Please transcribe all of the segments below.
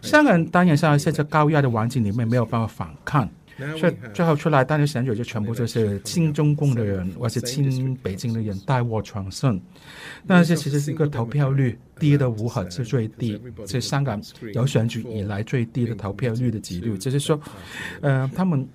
香港當然像現在高壓的環境裏面，沒有辦法反抗，所以最後出來當年選舉就全部就是親中共的人，或是親北京的人大獲全勝。但是其實是一個投票率低的，無可置疑是最低，就是香港有選舉以來最低的投票率的紀錄，就是說嗯、呃，他們。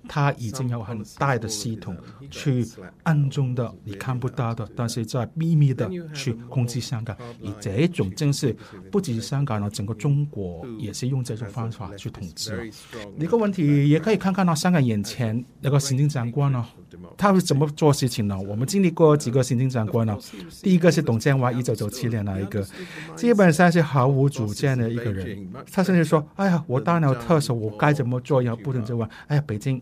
他已經有很大的系統去暗中的你看不到的，但是在秘密的去攻擊香港。以這種陣勢，不僅是香港呢，整個中國也是用這種方法去統治。一個問題也可以看看到香港眼前那個行政長官呢，他是怎麼做事情呢？我們經歷過幾個行政長官呢？第一個是董建華，一九九七年那一個，基本上是毫無主見的一個人。他甚至說：哎呀，我當了特首，我該怎麼做？要不斷就問：哎呀，北京。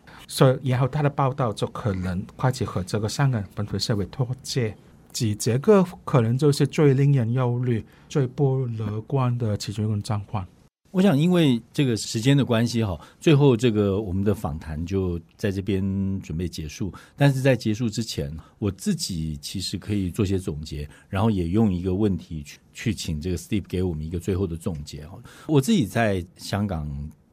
所以然後他的報道就可能開始和這個香港本土社會脫節，而這個可能就是最令人憂慮、最不樂觀的其中一個狀況。嗯。我想因為這個時間的關係，哈，最後這個我們的訪談就在這邊準備結束。但是在結束之前，我自己其實可以做些總結，然後也用一個問題去去請這個 Steve 給我們一個最後的總結。哈，我自己在香港。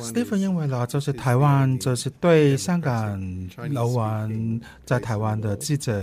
Stephen 認為呢，呃、就是台灣，就是對香港流亡在台灣的記者，